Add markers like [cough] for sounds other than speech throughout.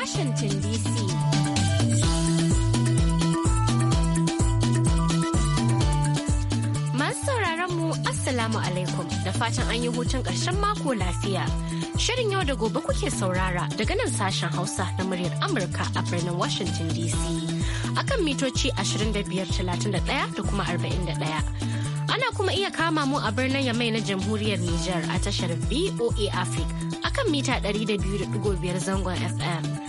Washington DC. Masu sauraron mu Assalamu alaikum da fatan an yi hutun ƙarshen mako lafiya. Shirin yau da gobe kuke saurara daga nan sashen Hausa na muryar Amurka a birnin Washington DC. Akan mitoci 2531 da kuma 41. Ana kuma iya kama mu a birnin Yamai na Jamhuriyar Nijar a tashar BOA Africa akan mita 200.5 zangon FM.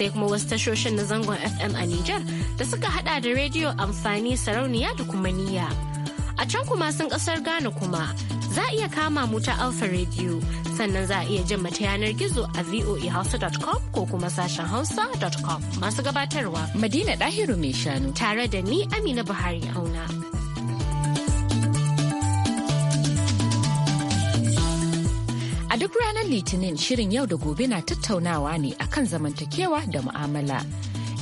sai kuma wasu tashoshin na zangon FM a Nijar da suka hada da rediyo amfani sarauniya da kuma niyya. A can kuma sun kasar Ghana kuma za a iya kama mu ta Alfa Radio sannan za a iya jin mata yanar gizo a voahausa.com ko kuma sashen hausa.com masu gabatarwa. Madina Dahiru mai shanu. Tare da ni Amina Buhari auna. ranar Litinin shirin yau da gobe na tattaunawa ne akan zamantakewa da mu'amala.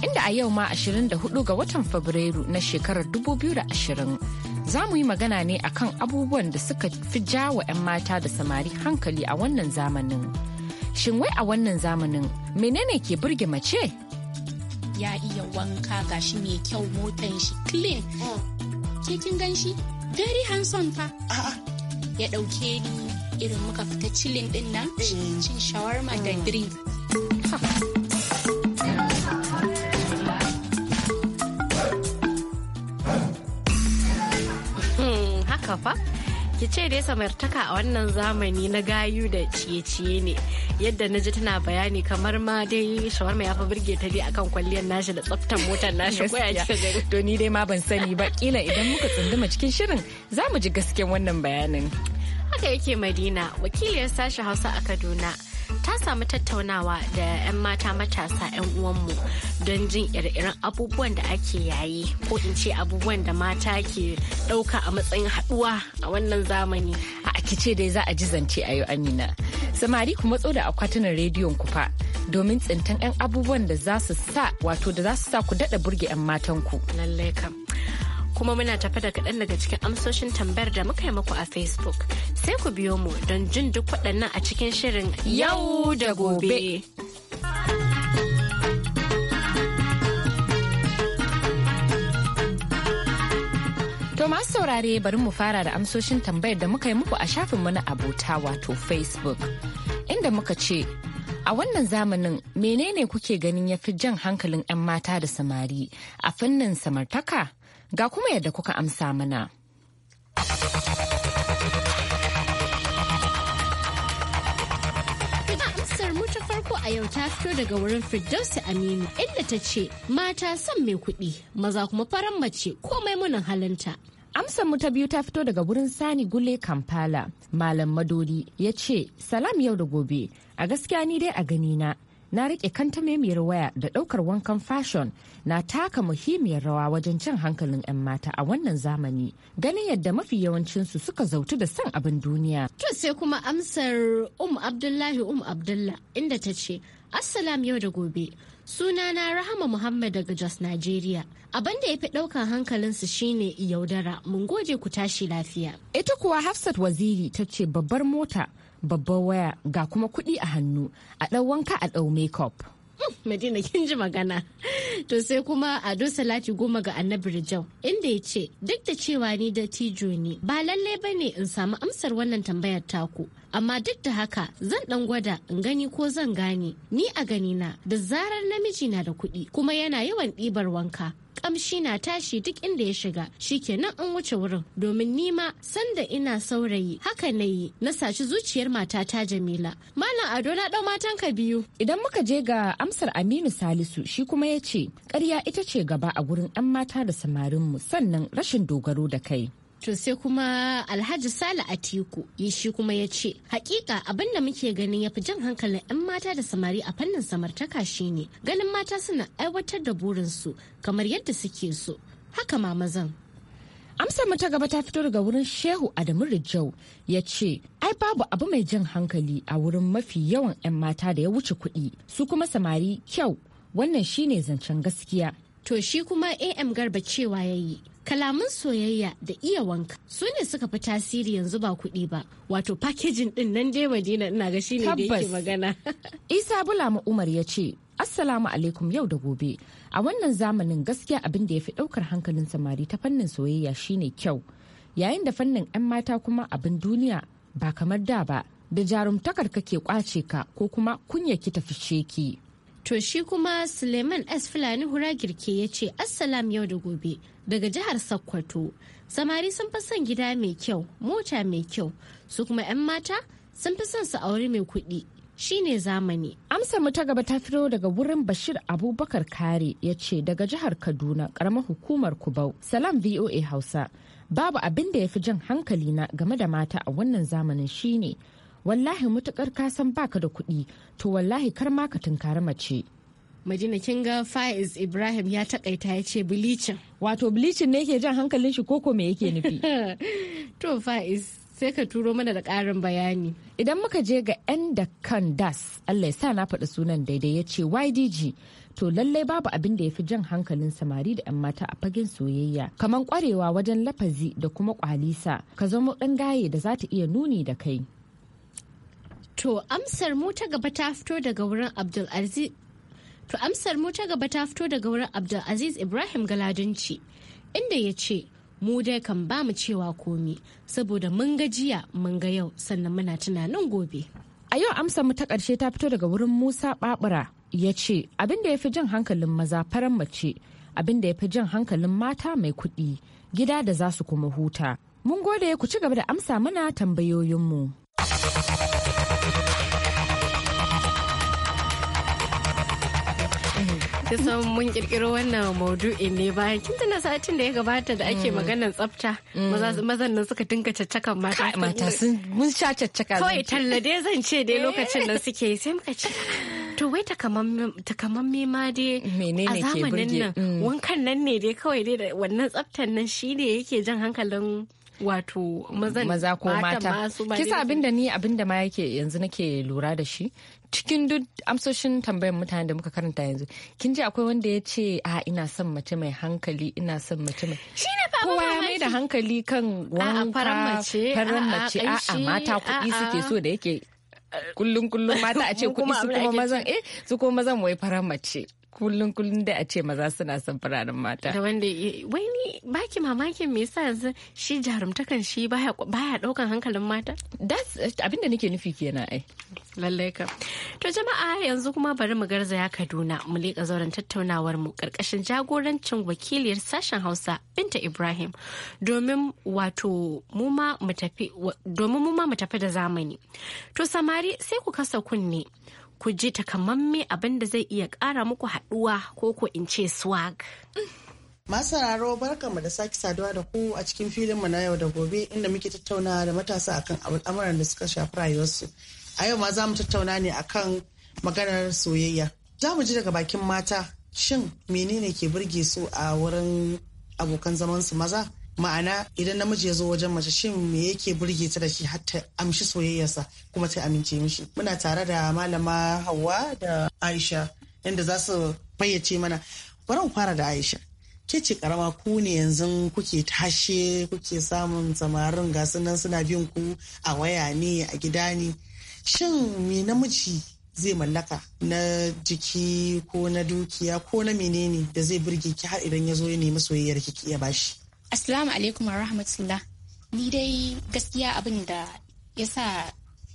Inda a yau ma 24 ga watan Fabrairu na shekarar 2020 za mu yi magana ne akan abubuwan da suka fi jawa 'yan mata da samari hankali a wannan zamanin. Shin wai a wannan zamanin menene ke burge mace? Ya iya wanka gashi mai kyau motan shi clean. Mm. Ke kin Very handsome fa. Ya ɗauke ni irin muka fita cilin din nan eh. cin shawarma da eh. drink hmm, haka fa ki ce dai samartaka a wannan zamani na gayu da ciye-ciye ne yadda na ji tana bayani kamar ma dai shawarma ya fi birge ta dai akan kwalliyar nashi da tsaftar motar nashi ko ya ci to ni dai ma ban sani ba kila idan muka tsunduma cikin shirin za mu ji gasken wannan bayanin haka yake madina wakiliyar sashi hausa a kaduna ta samu tattaunawa da 'yan mata matasa 'yan uwanmu don jin ire-iren abubuwan da ake yayi ko in ce abubuwan da mata ke ɗauka a matsayin haɗuwa a wannan zamani a ce dai za a ji zance a yau amina samari ku matso da akwatunan rediyon ku fa domin tsintan 'yan abubuwan da za su sa wato da za su sa ku daɗa burge 'yan matanku ku kuma muna tafe da kaɗan daga cikin amsoshin tambayar da muka yi muku a facebook sai ku biyo mu don jin duk waɗannan a cikin shirin yau da gobe. To masu saurare bari mu fara da amsoshin tambayar da muka yi muku a shafinmu na abota wato Facebook. Inda muka ce, a wannan zamanin menene kuke ganin ya fi jan hankalin 'yan mata da samari a fannin samartaka? Ga kuma yadda kuka amsa mana. ta farko a yau ta fito daga wurin Firdausi Aminu inda ta ce mata son mai kuɗi maza kuma farar mace komai munin halinta. Amsar mu ta biyu ta fito daga wurin Sani Gule Kampala. Malam Madori ya ce salam yau da gobe a gaskiya ni dai a ganina na rike kantamemiyar waya da daukar wankan fashon na taka muhimmiyar rawa wajen cin hankalin 'yan mata a wannan zamani ganin yadda mafi yawancinsu suka zautu da san abin duniya. To sai kuma amsar um abdullahi um abdullah inda ta ce assalam yau da gobe sunana rahama muhammad daga jos nigeria abin da ya fi daukan hankalinsu shine yaudara mun gode ku tashi lafiya ita kuwa hafsat waziri ta ce babbar mota babban waya ga kuma kuɗi a hannu a ɗau wanka a ɗau makeup. [laughs] Madina kin ji magana. To sai kuma Ado Salati goma ga Annabi Rijau inda ya ce duk da cewa ni da tijo ne ba lallai ba ne in samu amsar wannan tambayar taku. Amma duk da haka zan dan gwada in gani ko zan gane ni a ganina da zarar namiji na da kuɗi kuma yana yawan ɗibar wanka kamshi na tashi duk inda ya shiga shi shikenan an wuce wurin domin nima sanda ina saurayi haka na yi na saci zuciyar matata jamila malam ado na dau ka biyu idan muka je ga amsar aminu salisu shi kuma ya ce karya ita ce gaba a gurin 'yan mata da samarinmu sannan rashin dogaro da kai To sai kuma Alhaji Sale Atiku ya shi kuma ya ce, hakika abin da muke gani ya fi jan hankalin 'yan mata da samari a fannin samartaka shine ganin mata suna aiwatar da burinsu kamar yadda suke so. Haka ma mazan. Amsar mu ta gaba ta fito daga wurin Shehu Adamu Rijau ya ce, ai babu abu mai jan hankali a wurin mafi yawan 'yan mata da ya wuce kuɗi, su kuma samari kyau, wannan shine zancen gaskiya. To shi kuma AM Garba cewa ya yi, kalaman soyayya da iya wanka su ne suka fi tasiri yanzu ba kuɗi ba wato packaging din nan dai madina ina ga shine da yake magana [laughs] isa bulama umar ya ce assalamu alaikum yau da gobe a wannan zamanin gaskiya abin da ya fi ɗaukar hankalin samari ta fannin soyayya shine kyau yayin da fannin 'yan mata kuma abin duniya ba kamar da ba da jarumtakar kake kwace ka ko kuma kunya ki tafi ki To shi kuma Suleiman S. Fulani Hura Girke ya ce Assalam yau da gobe. daga jihar Sokoto. Samari sun fi son gida mai kyau, mota mai kyau, su kuma 'yan mata sun fi son su auri mai kuɗi. shine zamani. Amsar mu ta gaba ta fito daga wurin Bashir Abubakar Kare ya ce daga jihar Kaduna karamar hukumar Kubau. Salam VOA Hausa. Babu abin da ya fi jan hankali na game da mata a wannan zamanin shine wallahi mutukar kasan baka da kuɗi to wallahi kar ma ka tunkari mace. madina kin ga faiz ibrahim ya takaita ya ce bilicin wato bilicin ne ke jan hankalin shi koko me yake nufi [laughs] to faiz sai ka turo mana da ƙarin bayani. Idan muka je ga 'yan da kan das, Allah ya sa na faɗi sunan daidai ya ce YDG, to lallai babu abin da ya fi jan hankalin samari da 'yan mata a fagen soyayya, kamar kwarewa wajen lafazi da kuma kwalisa ka zama ɗan gaye da za ta iya nuni da kai. To amsar mu ta gaba ta fito daga wurin Abdulaziz To amsar mu ta gaba ta fito daga wurin Abdulaziz Ibrahim Galadunci inda ya ce mu dai kan ba mu cewa komi saboda mun ga jiya mun ga yau sannan muna tunanin gobe. A yau amsar mu ta ƙarshe ta fito daga wurin Musa Babura ya ce abin da ya fi jin hankalin maza faran mace abin da ya fi jin hankalin mata mai kuɗi gida da za su kuma huta. Mun gode ku ci gaba da amsa mana mu. kisan mun kirkiro wannan maudu'in ne bayan kin tana satin da ya gabata da ake mm. maganar tsafta mm. mazan nan suka dinga caccakan mata mata sun mun sha caccaka kawai tallade zan ce dai eh. lokacin nan suke sai muka ce to wai takamamme ma dai a zamanin nan mm. wankan nan ne dai kawai dai wannan tsaftan nan shi ne yake jan hankalin wato maza ko mata kisa abinda ni abinda ma yake yanzu nake lura da shi cikin duk amsoshin tambayar mutane da muka karanta yanzu kin ji akwai wanda ya ce a ina son mace mai hankali ina son mace mai fa kowa ya mai da hankali kan wanka faran mace a mata kuɗi suke so da yake kullum kullum mata a ce kuɗi su kuma mazan eh su kuma mazan wai faran mace kullum kullum da a ce maza suna son fararen mata. Da wanda wai baki mamakin me yasa yanzu shi jarumtakan shi baya baya daukan hankalin mata? That's abin da nake nufi kenan ai. Lallai ka. To jama'a yanzu kuma bari mu garzaya Kaduna mu leka zauren tattaunawar mu karkashin jagorancin wakiliyar sashen Hausa Binta Ibrahim domin wato mu ma mu tafi domin mu ma mu tafi da zamani. To samari sai ku kasa kunne. ku ji takamamme abin da zai iya ƙara muku haɗuwa ko ko in ce swag. masararo barkanmu da sake saduwa da ku a cikin filinmu na yau da gobe inda muke tattauna da matasa akan al'amuran da suka shafi rayuwarsu a yau ma za mu tattauna ne akan maganar soyayya za mu ji daga bakin mata shin menene ke burge su a wurin abokan zamansu maza ma'ana idan namiji ya zo wajen mace shin me yake burge ta da shi har ta amshi soyayyarsa kuma ta amince mishi muna tare da malama hawa da aisha inda za su fayyace mana bari mu fara da aisha ke ce karama ku ne yanzu kuke tashe kuke samun samarin gasu nan suna bin ku a waya ne a gida ne shin me namiji zai mallaka na jiki ko na dukiya ko na menene da zai burge ki har idan ya zo ya nemi soyayyar ki iya bashi Assalamu alaikum wa rahmatullah. Ni dai gaskiya abin da ya sa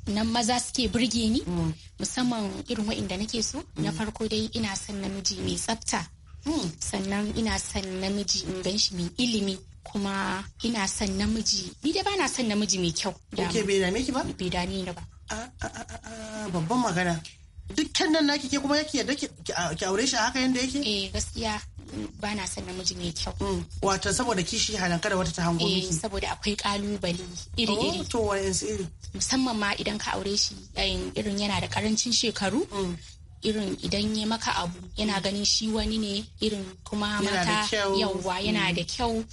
nan maza suke burge ni mm. musamman irin wa'inda nake so na mm. farko dai ina son namiji mai tsafta mm. sannan ina son namiji in gan shi mai ilimi kuma ina son namiji ni dai bana son namiji mai kyau da bai dame ki ba bai dame ni ba babban magana dukkan nan naki ke kuma yake yadda ki aure shi a haka yadda yake eh gaskiya ba na son namiji mai kyau mm. wato saboda kishi halan kada wata ta hango eh, miki saboda akwai kalubale iri iri oh, to iri musamman ma idan ka aure shi eh, irin yana da karancin shekaru mm. irin idan ya maka abu yana ganin shi wani ne irin kuma mata yauwa yana mm. da kyau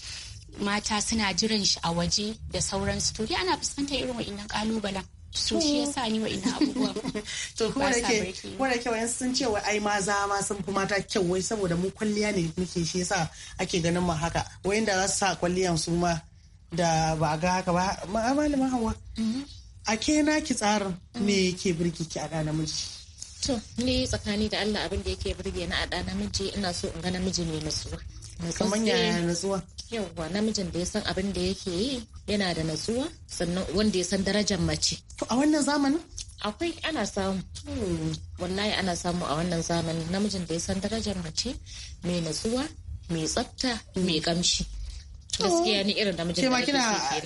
mata suna jiran shi a waje da sauran to dai ana fuskantar irin wa'innan kalubalen so shi ya sa ni wa wa'ina abubuwan [laughs] to kuma da ke kuma da kyau sun ce wai ai maza ma sun fi mata kyau wai saboda mu kwalliya ne muke shi yasa ake ganin mu haka wayan da za su sa kwalliyan su ma da ba ga haka ba malama hawa mm-hmm. a ke na ki tsarin me ke birki ki a da namiji to ni tsakani da Allah abin da yake birge na a da namiji ina so in ga namiji mai nutsuwa kamar yaya nutsuwa yauwa namijin da ya san abin da yake yi yana da natsuwa sannan wanda ya san darajar mace to a wannan zamanin akwai ana samu hmm, wallahi ana samu a wannan zamanin namijin da ya san darajar mace mai natsuwa mai tsafta mai kamshi hmm. gaskiya ni irin namijin da kina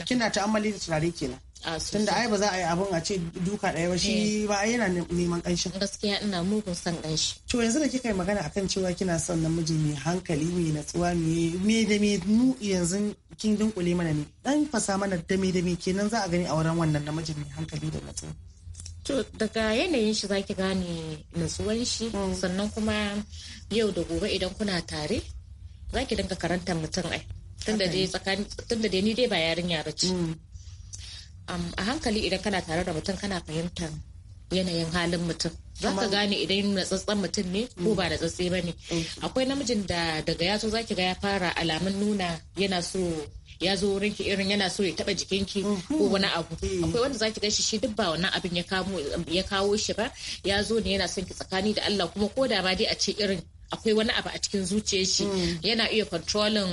kina ta'ammali da tunare kenan tunda ai ba za a yi abun a ce duka ɗaya ba shi ba eh. yana neman ƙanshin gaskiya ina mugun son ƙanshi to yanzu da kika yi magana akan cewa kina son namiji mai hankali mai natsuwa mai da mai mu yanzu kin dunkule mana ne dan fasa mana da mai da mai kenan za a gani a wurin wannan namiji mai hankali da natsuwa To daga yanayin shi zaki gane natsuwan shi mm. sannan kuma yau da gobe idan kuna tare zaki dinga karantar mutum ai tunda dai ni dai ba yarinya ba ce mm. a hankali idan kana tare da mutum kana fahimtar yanayin halin mutum za ka gane idan natsatsen mutum ne ko ba da tsatse ba ne mm. akwai namijin da daga yaso za ki ga ya fara alamun nuna yana so ya zo wurin ki irin yana so ya taba jikinki mm-hmm. ko wani abu mm. akwai wanda ga shi shi duk ba wannan abin ya kawo shi ba ya zo ne yana son ki tsakani da Allah kuma ko da ma dai a ce irin akwai wani abu a cikin zuciyar shi mm. yana iya controlling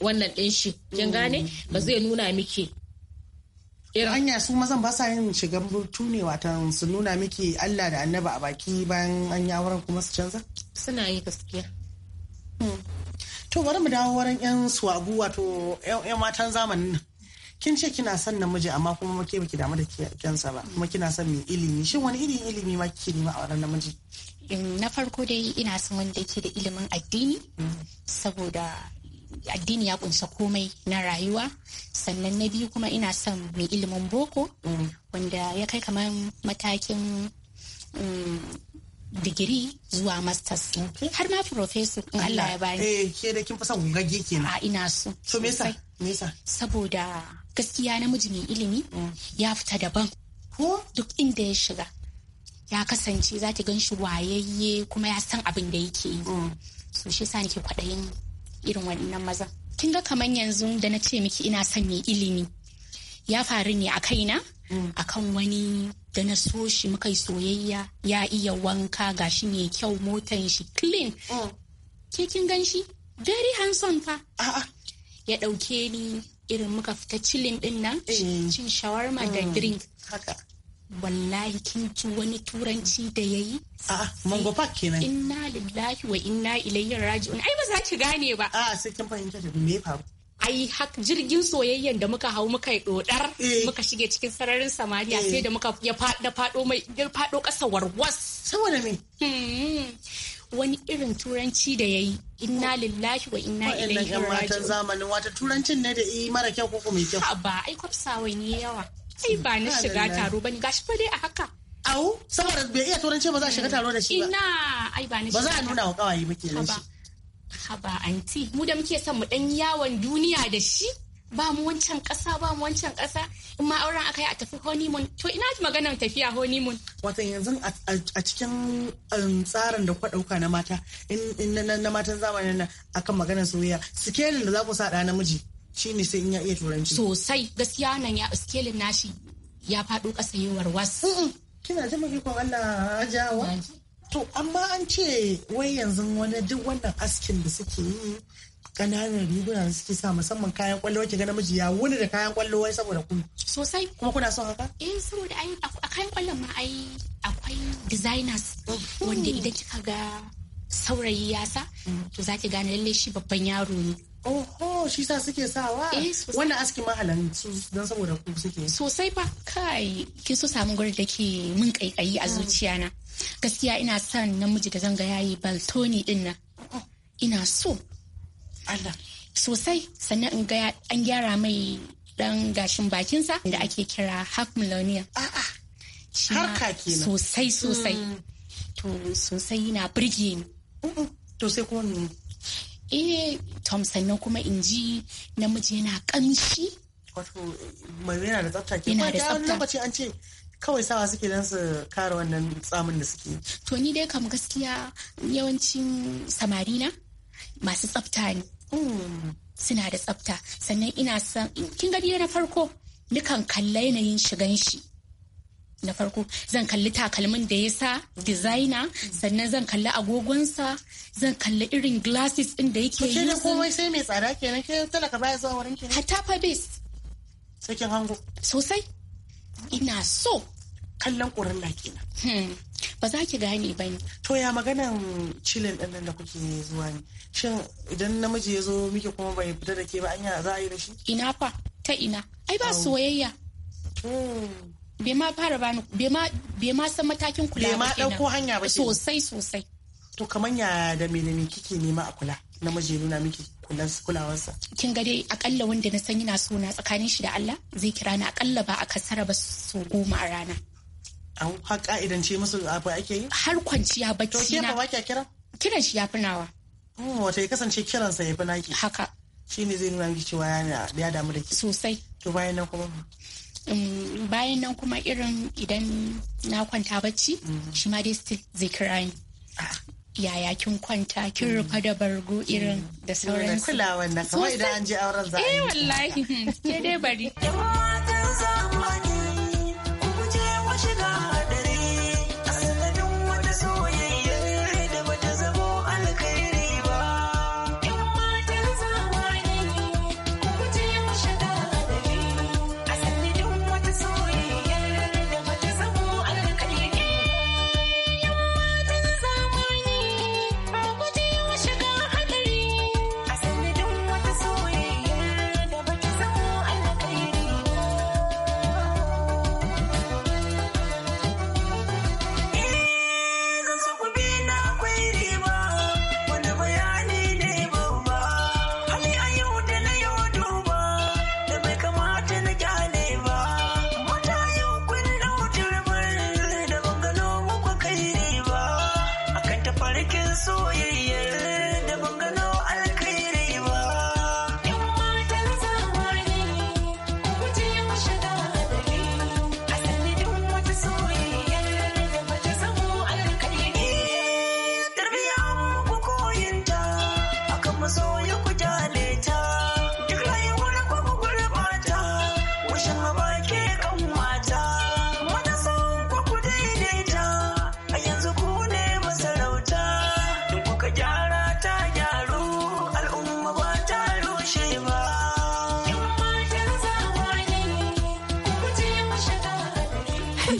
wannan din shi kin gane ba zai nuna miki irin anya su mazan ba sa yin shiga burtu ne watan su nuna miki Allah da annaba a baki bayan an yi auren kuma su canza suna yi gaskiya hmm. to bari mu dawo wurin yan suwagu wato yan matan zamanin nan kin ce kina son namiji amma kuma muke baki damu da kyansa ba kuma kina son mai ilimi shin wani irin ilimi ma kike nema a wurin namiji na farko dai ina son wanda ke da ilimin addini hmm. saboda addini ya kunsa komai na rayuwa sannan na biyu kuma ina son mai ilimin boko wanda ya kai kamar matakin mm, digiri zuwa masters har ma professor in Allah ya bani eh ke da kin fi son gungage kenan a ina so so me yasa me yasa saboda gaskiya namiji mai ilimi ya fita daban ko duk inda ya shiga ya kasance za ta gan shi wayayye kuma ya san abin da yake yi mm. so shi sa nake kwaɗayin irin wannan maza. kin ga kamar yanzu da na ce miki ina son mai ilimi ya faru ne a kaina mm. kan wani da na so shi muka yi soyayya ya iya wanka ga shi mai kyau motan shi clean mm. ke kin gan shi very handsome fa ya ɗauke ni irin muka fita cilin din nan eh. cin shawarma da mm. drink wallahi kin ji wani turanci da yayi a'a mango park kenan inna lillahi wa inna ilaihi raji'un ai ba za ki gane ba a'a sai kin fahimta da me faru ai hak jirgin soyayyen da muka hau muka dodar eh. muka shige cikin sararin samaniya eh. sai da muka ya fado mai ya fado kasa warwas saboda me hmm. wani irin turanci da yayi inna lillahi wa inna ilaihi raji'un zamanin wata turancin ne da yi mara kyau ko mai kyau ba ai kwafsawa ne yawa ai ba na shiga taro bane gashi fa dai a haka au saboda bai iya turanci ba za a shiga taro da shi ba ina ai ba na shiga ba za a nuna wa kawaye muke kenan shi haba anti mu da muke son mu dan yawon duniya da shi ba mu wancan kasa ba mu wancan kasa in ma auren aka yi a tafi honeymoon to ina ji maganar tafiya honeymoon wato yanzu a cikin um, tsarin da kwa dauka na mata in na matan zamanin nan akan maganar soyayya sikelin da za ku sa da namiji shi ne sai in ya iya turanci sosai gaskiya nan ya skelin nashi ya faɗo ƙasa yi warwas kina ji kwan Allah jawa to amma an ce wai yanzu wani duk wannan askin da suke yi kananan riguna da suke sa musamman kayan kwallo wacce ga namiji ya wuni da kayan kwallo wai saboda ku sosai kuma kuna son haka eh saboda ai a kayan kwallon ma ai akwai designers mm-hmm. wanda idan kika ga saurayi ya sa mm. to zaki gane lalle shi babban yaro ne Oho, shi sa suke sawa. Eh, Wannan aski mahalan su don saboda ku suke. Sosai fa kai kin so samu gurin da ke mun kaikayi a zuciya na. Gaskiya ina son namiji da zanga yayi baltoni din nan. Ina so. Allah. Sosai sannan in ga an gyara mai dan gashin bakinsa da ake kira half millennia. A'a. Harka kenan. Sosai sosai. Hmm. To sosai yana birge ni. To sai ko eh tom sannan kuma in ji namiji yana kamshi wato mai yana da tsafta ke yana da tsafta lokaci an ce kawai sawa suke don su kare wannan tsamin da suke to ni dai kam gaskiya yawancin samari na masu tsafta ne hmm. suna da tsafta sannan ina san kin gari na farko dukan kalla yanayin shigan shi na farko zan kalli takalmin da ya sa designer sannan zan kalli agogonsa zan kalli irin glasses din da yake yi da komai sai mai tsada kenan ke talaka baya zuwa wurin ke hatta fa base sai kin hango sosai ina so kallon ƙurilla kenan hmm. ba za ki gane ba ne. To ya maganan cilin din nan da kuke zuwa ne. Shin idan namiji ya zo miki kuma bai fita da ke ba anya za a yi da shi? Ina fa ta ina. Ai ba soyayya. Hmm. bai ma fara bani bai ma san matakin kula ba ma dauko hanya ba sosai sosai to kamar ya da menene kike nema a kula na miji nuna miki kulawarsa kin ga dai akalla wanda na san yana so na tsakanin shi da Allah zai kira ni akalla ba a kasara ba so goma a rana an har ka'idance musu abu ake yi har kwanciya bacci na to ke ba kira kiran shi ya finawa. nawa hmm, wata ya kasance kiransa ya fi naki haka shine zai nuna miki cewa ya damu da ki sosai to bayan nan kuma Um, bayan nan kuma irin idan na kwanta bacci mm-hmm. shi ma dai still zai kira ni ah. yaya kin kwanta kin mm. rufa da bargo irin da mm. sauran kulawan na kamar idan an je auren za a yi eh, wallahi [laughs] ke dai bari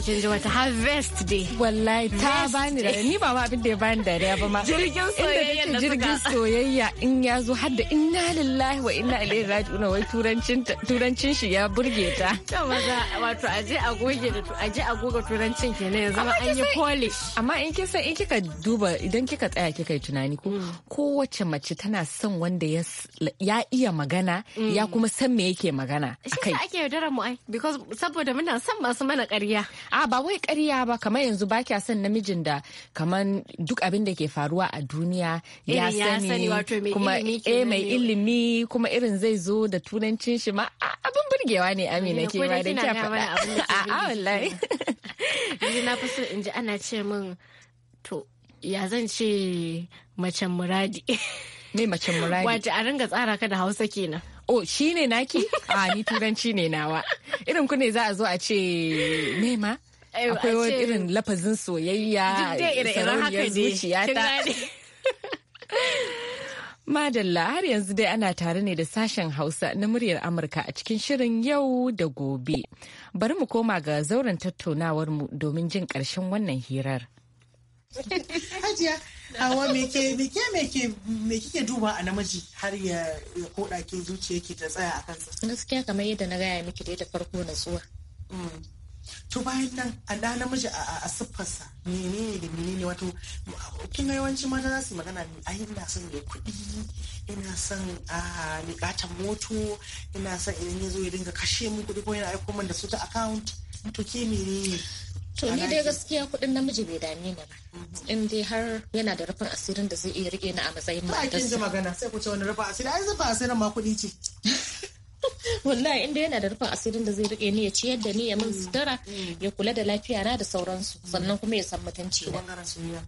kin ji wata harvest day wallahi ta bani da ni ba ma abin da ya bani dariya ba ma jirgin soyayya da jirgin soyayya in ya zo har da inna lillahi wa inna ilaihi raji'un wai turancin turancin shi ya burge ta to maza wato aje a goge da aje a goga turancin kenan ya zama an yi polish amma in kin san in kika duba idan kika tsaya kika yi tunani ko mm. kowace mace tana son wanda ya iya magana ya mm. kuma san me yake magana akai ake yaudarar mu ai because saboda muna son masu mana ƙarya a ba wai ƙarya ba kamar yanzu ba kya son namijin da kamar duk abin da ke faruwa a duniya ya sani kuma eh mai ilimi kuma irin zai zo da turancin shi ma abin burgewa ne amina ke ba da kya [laughs] faɗa a'a wallahi na fi so in ji ana ce min to ya zan ce macen muradi me macen muradi Wace a ringa tsara ka da hausa kenan oh shi ne naki a ah, ni turanci ne nawa irin ku ne za a zo a ce nema akwai wani irin lafazin soyayya sarauniyar zuciya ta [laughs] Madalla har yanzu dai ana tare ne da sashen Hausa na muryar Amurka a cikin shirin yau da gobe. Bari mu koma ga zauren tattaunawar mu domin jin karshen wannan hirar. [laughs] hawa me ke me ke me ke kike duba a namiji har ya koda ke zuciya ke ta tsaya a kansa gaskiya kamar yadda na gaya miki da farko na zuwa. Mm. to bayan nan a da namiji a siffarsa menene da menene wato kin ga yawanci mata za su magana ne? ai ina son ya kuɗi ina son a niƙatan moto ina son idan ya zo ya dinga kashe mu kuɗi ko yana aiko min da su ta account to ke menene to ni dai gaskiya kuɗin namiji bai dame ni ba mm. in dai har yana da rufin asirin da zai iya rike ni a matsayin matarsa. Ba magana sai ku ce wani rufin asiri ai rufin asirin ma kuɗi ce. [laughs] wallahi inda yana da rufin asirin da zai rike ni ya ciyar da ni ya min sutura ya kula da lafiya na da sauransu sannan kuma ya san mutunci na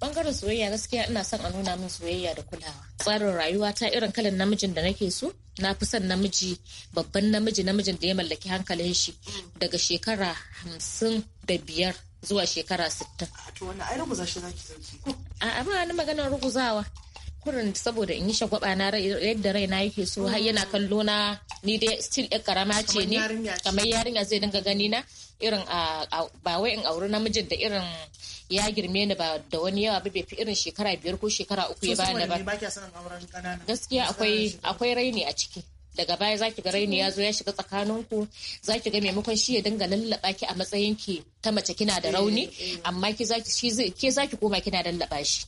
bangaren soyayya gaskiya ina son a nuna min soyayya da kulawa tsarin rayuwa ta irin kalan namijin da nake so na fi son namiji babban namiji namijin da ya mallaki hankalin shi daga shekara hamsin da biyar zuwa shekara 60. To wannan ai ruguza shi zaki zaki A'a ba ni maganar ruguzawa. kurin saboda in yi shagwaba na yadda raina yake so har yana kallo na ni dai still ɗan karama ce ne kamar yarinya zai dinga gani na irin ba wai in auri namijin da irin ya girme ni ba da wani yawa ba bai fi irin shekara biyar ko shekara uku ya bani ba gaskiya akwai raini a ciki daga baya zaki ga raini ya zo ya shiga tsakanin ku zaki ga maimakon shi ya dinga lallaba ki a matsayin ki ta mace kina da rauni eh, eh, eh. amma ki zaki shi zai ke zaki koma kina lallaba shi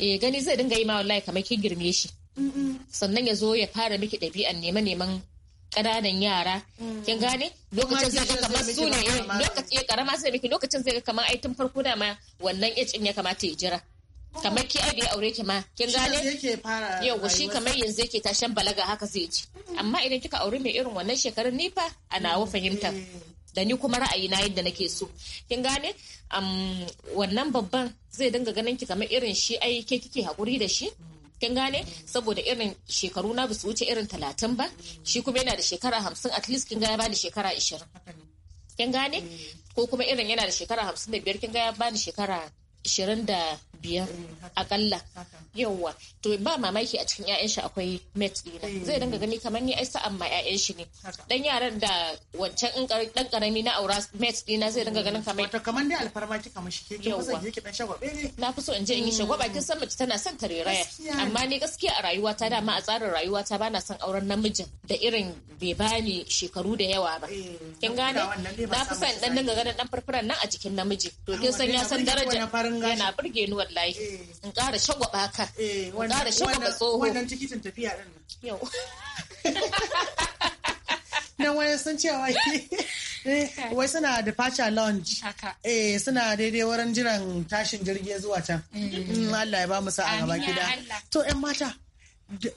eh gani zai dinga yi ma wallahi kamar ki girme shi sannan ya zo ya fara miki ɗabi'an neman neman ƙananan yara mm. kin gane lokacin zai ga kamar su ne lokacin ya karama sai miki lokacin zai ga kamar ai tun farko da ma wannan age ya kamata ya jira kamar ki ai bai aure ki ma kin gane yau shi kamar yanzu yake tashan balaga haka zai ci amma idan kika aure mai irin wannan shekarun ni fa a nawa mm, fahimta eh. da ni kuma ra'ayi na yadda nake so kin gane wannan babban zai dinga ganin ki kamar irin shi ai ke kike hakuri da shi kin gane saboda irin shekaru na basu wuce irin talatin ba shi kuma yana da shekara hamsin at least kin ga ya bani shekara ishirin kin gane mm. ko kuma irin yana da shekara hamsin da biyar kin ga ya bani shekara ishirin da biyar akalla yawa to ba mamaki a cikin 'ya'yan shi akwai met dina mm. zai dinga gani kamar ni ai sa'an ma 'ya'yan shi ne dan yaran da wancan in dan karami na aura met dina zai dinga ganin kamar to kamar dai alfarma kika mishi ke kin kusa ki dan shagwabe ne na fi so in je in yi mm. shagwaba kin san mace tana son tareraya amma ni gaskiya a rayuwa da dama a tsarin rayuwa ta bana son auren namijin da irin bai bani shekaru da yawa ba eh, kin gane na fi son dan dinga ganin dan farfaran nan a jikin namiji to kin san ya san daraja yana burge ni wallahi eh. in ƙara shagwaba ka eh, in ƙara shagwaba tsoho wannan tikitin tafiya din yau [laughs] nan wani sun ce wai [laughs] eh, wai suna departure lounge eh suna daidai wurin jiran tashin jirgi zuwa can mm. Allah ya ba mu sa'a gaba gida to yan mata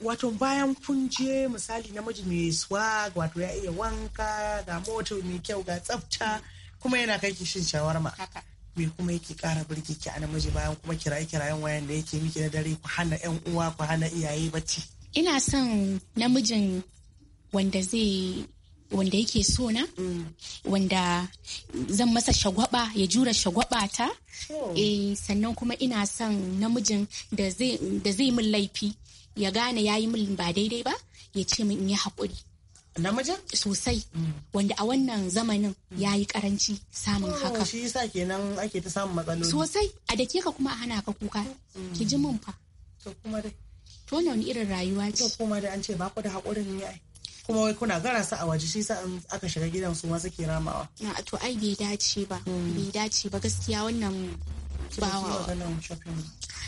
wato bayan kun je misali namiji mai swag wato ya iya wanka ga mota mai kyau ga tsafta kuma yana kai kishin shawarma me kuma yake kara birkiki a namiji bayan kuma kiraye-kirayen wayan da yake miki na dare ku hana 'yan uwa ku hana iyaye bacci. Ina son namijin wanda zai wanda yake so na mm. wanda zan masa shagwaba ya jura shagwaba ta eh sannan kuma ina son namijin da zai min laifi ya gane yayi min ba daidai ba ya ce min in yi hakuri. namijin sosai wanda a wannan zamanin ya yi karanci samun oh, haka shi yasa kenan ake ta samun matsaloli sosai a da ka kuma hana ka kuka mm. ki ji mun fa to kuma dai to wani irin rayuwa ce to kuma dai an ce ba ku da hakurin ne ai kuma wai kuna gara su a waje shi yasa aka shiga gidan su ma suke ramawa to ai bai dace ba mm. bai dace ba gaskiya wannan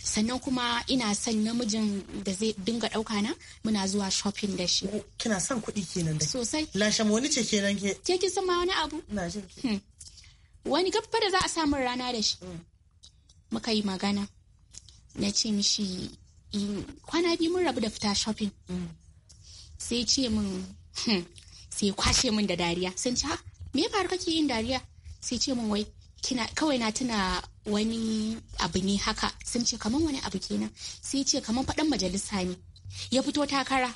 sannan kuma ina son namijin da zai dinga ɗauka na muna zuwa shopping da shi kina son kuɗi kenan da sosai lashe wani ce kenan ke ke kin san ma wani abu na jin hmm. wani gaba da za a samu rana da shi hmm. muka yi magana na ce mishi kwana biyu mun rabu da fita shopping hmm. sai ce min sai kwashe min da dariya sun ci ha me faru kake yin dariya sai ce min wai kina kawai na tuna wani abu ne haka sun ce kamar wani abu kenan sai ce kamar faɗan majalisa ne ya fito takara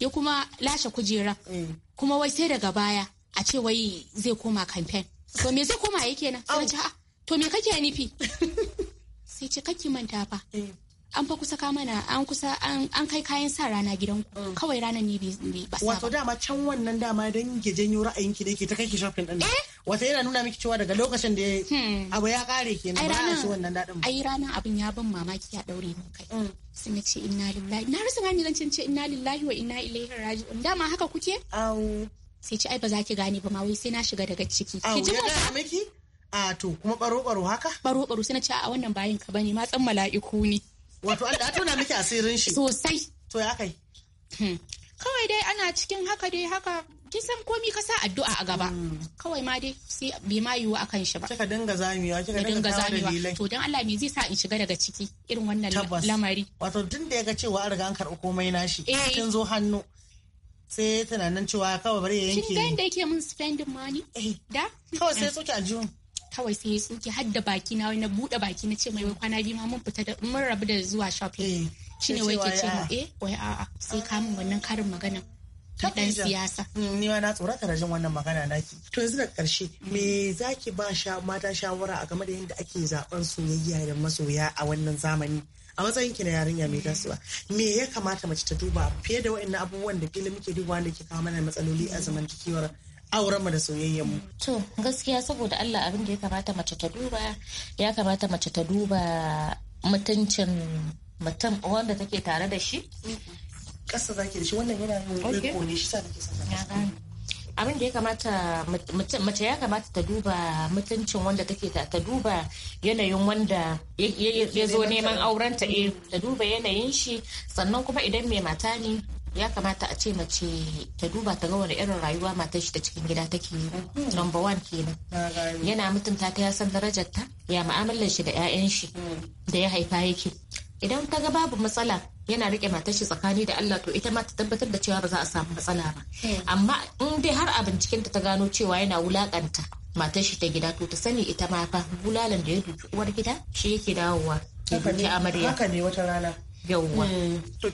ya kuma lashe kujera mm. kuma wai sai daga baya a ce wai zai koma kamfen to me zai koma yake nan ah, to me kake nufi [laughs] sai ce kake manta fa mm. an fa kusa mana an kusa an kai kayan sa rana gidan ku mm. kawai ranar ne bai ba wato dama can wannan dama dan ke janyo ra'ayin ki dake ta kai ki shopping din eh? wato yana nuna miki cewa daga lokacin da hmm. abu ya kare kenan ba su wannan dadin ai ranar abin ya ban mamaki ya daure mun kai mm. sun na ce inna lillahi na rasa gani zan ce inna lillahi wa inna ilaihi raji'un dama haka kuke au sai ci ai ba za ki gane ba ma wai sai na shiga daga ciki ki ji miki a to kuma baro baro haka baro baro sai na ce a wannan bayin ka bane matsan mala'iku ne Wato Allah tona miki asirin shi. Sosai. To ya kai. Hmm. Kawai dai ana cikin haka dai haka kin san komi ka sa addu'a a gaba. Hmm. Kawai ma dai sai bai ma yiwu akan shi ba. Kika dinga zamewa, kika dinga zamewa. To dan Allah me zai sa in shiga daga ciki irin wannan lamari. Wato tun da ya ga cewa an riga an karɓi komai nashi. Eh. Kin zo hannu. Sai tunanin cewa kawai bari ya yanke. Kin ga yadda yake mun spending money? Eh. Da? Kawai sai soke aljihun. kawai sai ya tsuke har da baki na wai na buɗe baki na ce mai wai kwana biyu ma mun fita da mun rabu da zuwa shopping eh, shine wai ke ce eh wai a'a sai kamun wannan karin magana dan siyasa. Mm, ni ma na tsorata da rajin wannan magana naki. To yanzu da ƙarshe me zaki ba sha mata shawara a game da yadda ake zaben soyayya da masoya a wannan zamani? A matsayin ki na yarinya mai tasowa, me ya kamata mace ta duba fiye da waɗannan abubuwan da kila muke duba da ke kawo mana matsaloli a zamantakewar auren mu da soyayyen mu to gaskiya saboda Allah abin da ya kamata mace ta duba ya kamata mace ta duba mutuncin mutum wanda take tare da shi kasa zaki da shi wannan yana yin riko ne shi sa nake son abin da ya kamata mace ya kamata ta duba mutuncin wanda take ta Ta duba yanayin wanda ya zo neman auren ta eh, ta duba yanayin shi sannan kuma idan mai mata ne ya kamata a ce mace ta duba ta ga wani irin rayuwa matar shi ta cikin gida take yi hmm. number one kenan yana mutunta ta ya san darajar ta ya mu'amalar shi da 'ya'yan shi hmm. da ya haifa yake idan ta ga babu matsala yana rike matar shi tsakani da Allah to ita ma ta tabbatar da cewa ba za a samu matsala ba hmm. amma in dai har a bincikin ta gano cewa yana wulakanta matar shi ta gida to ta sani ita ma fa bulalan da ya duki uwar gida shi yake dawowa haka ne wata rana yauwa. Hmm. to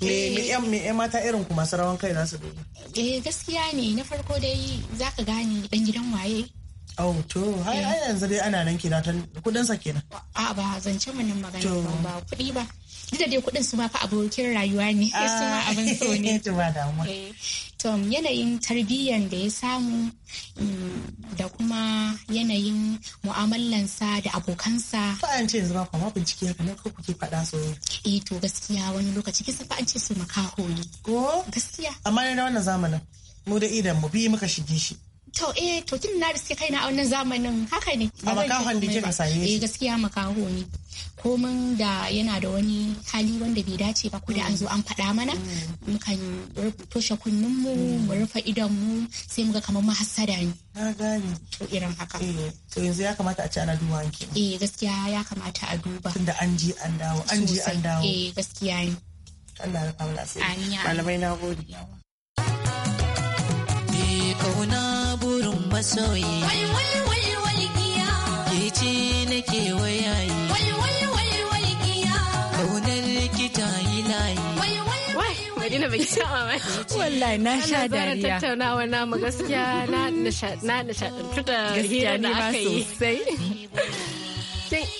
me me yan eh. me yan mata irin kuma masu rawan kai nasu. eh gaskiya ne na farko dai zaka gane ɗan gidan waye Oh, to, hai yanzu dai ana nan kira ta kudin sa kenan. A ba zance mu nan magana ba kudi ba. Duk da dai kudin su ma fa abokin rayuwa ne, [laughs] su ma abin so ah, [laughs] ne. To ba mu. Eh, to yanayin tarbiyyan da ya samu mm, da kuma yanayin mu'amalansa da abokansa. Fa an ce yanzu ba kuma bincike haka ne ko kuke faɗa so. Eh to gaskiya wani lokaci kisa fa an ce su makaho ne. Ko? Gaskiya. Amma ne na wannan zamanin. Mu da idan mu bi muka shige shi. To eh to tun na riske kaina a wannan zamanin haka ne. A makahon da kika same shi. Eh gaskiya makaho ne. Komin da yana da wani hali wanda bai dace ba ko da an zo an faɗa mana mm. mukan toshe kunnen mu mu rufe idon mu sai muga kamar hasada ne. Na gane. To irin haka. Eh, to yanzu ya kamata a ci ana duba ki. Eh gaskiya ya kamata a duba. Tunda an ji an dawo an ji an dawo. Eh gaskiya ne. Allah ya kawo lafiya. Malamai na gode. Eh kauna masoyi wai wai wai wai giya ke ce nake wayayi wai wai wai wai giya kaunar ki ta yi layi wai wai wai Madina bai saba ba wallahi na sha dariya tattaunawa na mu gaskiya na nishadantu da hira da aka yi [laughs]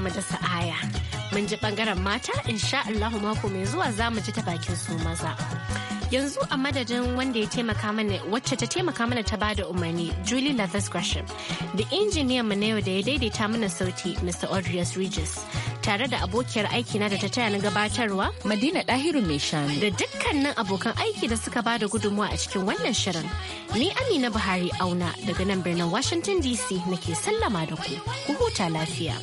mu dasa aya. Mun ji bangaren mata insha Allahu mako mai zuwa za mu ji ta bakin su maza. yanzu a madadin wanda ya taimaka mana wacce ta taimaka mana ta bada umarni julie lathers gresham da injiniyan mu na yau da ya daidaita mana sauti mr audrius regis tare da abokiyar aiki na da ta taya na gabatarwa madina dahiru mai shanu da dukkanin abokan aiki da suka bada gudunmawa a cikin wannan shirin ni amina buhari auna daga nan birnin washington dc nake sallama da ku ku huta lafiya